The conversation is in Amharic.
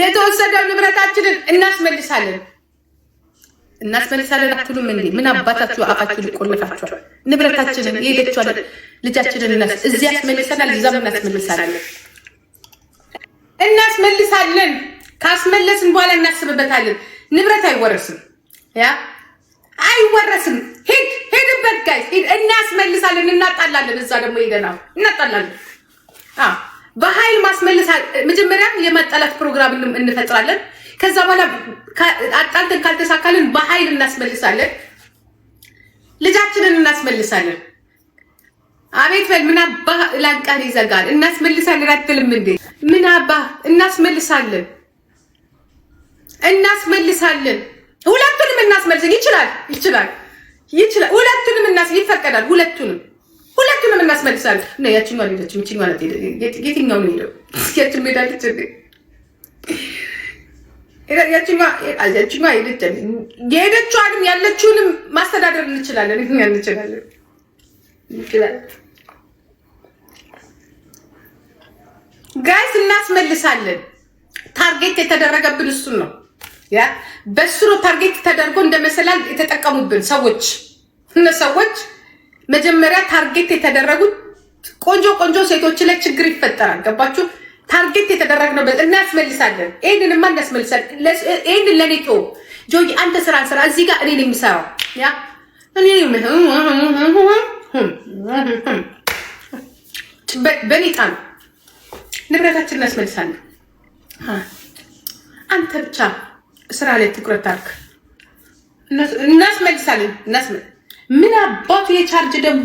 የተወሰደው ንብረታችንን እናስመልሳለን እናስመልሳለን አትሉም እንዴ? ምን አባታችሁ አፋችሁ ሊቆልፋችኋል? ንብረታችንን የሄደችዋል ልጃችንን እዚህ ያስመልሰናል፣ እዛም እናስመልሳለን። እናስመልሳለን። ካስመለስን በኋላ እናስብበታለን። ንብረት አይወረስም፣ ያ አይወረስም። ሂድ ሂድበት፣ ጋይስ እናስመልሳለን። እናጣላለን። እዛ ደግሞ ሄደናል፣ እናጣላለን በኃይል ማስመለስ መጀመሪያ የመጠላት ፕሮግራም እንፈጥራለን። ከዛ በኋላ አጣልተን ካልተሳካልን በኃይል እናስመልሳለን። ልጃችንን እናስመልሳለን። አቤት በል ምን አባህ ላንቃን ይዘጋል። እናስመልሳለን አትልም እንዴ? ምን አባህ እናስመልሳለን፣ እናስመልሳለን። ሁለቱንም እናስመልሰን ይችላል፣ ይችላል፣ ይችላል። ሁለቱንም እናስ ይፈቀዳል። ሁለቱንም ምን እናስመልሳለን? እና ያችኛው ሌለችም ይችኛው ለት የትኛው ሄደው ያችን ሜዳ ልች ሄደች የሄደችዋንም ያለችውንም ማስተዳደር እንችላለን እንችላለን ጋይስ እናስመልሳለን። ታርጌት የተደረገብን እሱን ነው። ያ በሱ ነው ታርጌት ተደርጎ እንደመሰላል የተጠቀሙብን ሰዎች እነ ሰዎች መጀመሪያ ታርጌት የተደረጉት ቆንጆ ቆንጆ ሴቶች ላይ ችግር ይፈጠራል። ገባችሁ? ታርጌት የተደረግነው እናስመልሳለን። ይህንንማ እናስመልሳለን። ይህንን ለእኔ ተው ጆይ፣ አንተ ስራ ስራ። እዚህ ጋር እኔን የሚሰራው ያ በእኔ ጣ ነው። ንብረታችን እናስመልሳለን። አንተ ብቻ ስራ ላይ ትኩረት አድርግ። እናስመልሳለን። ምን አባቱ የቻርጅ ደም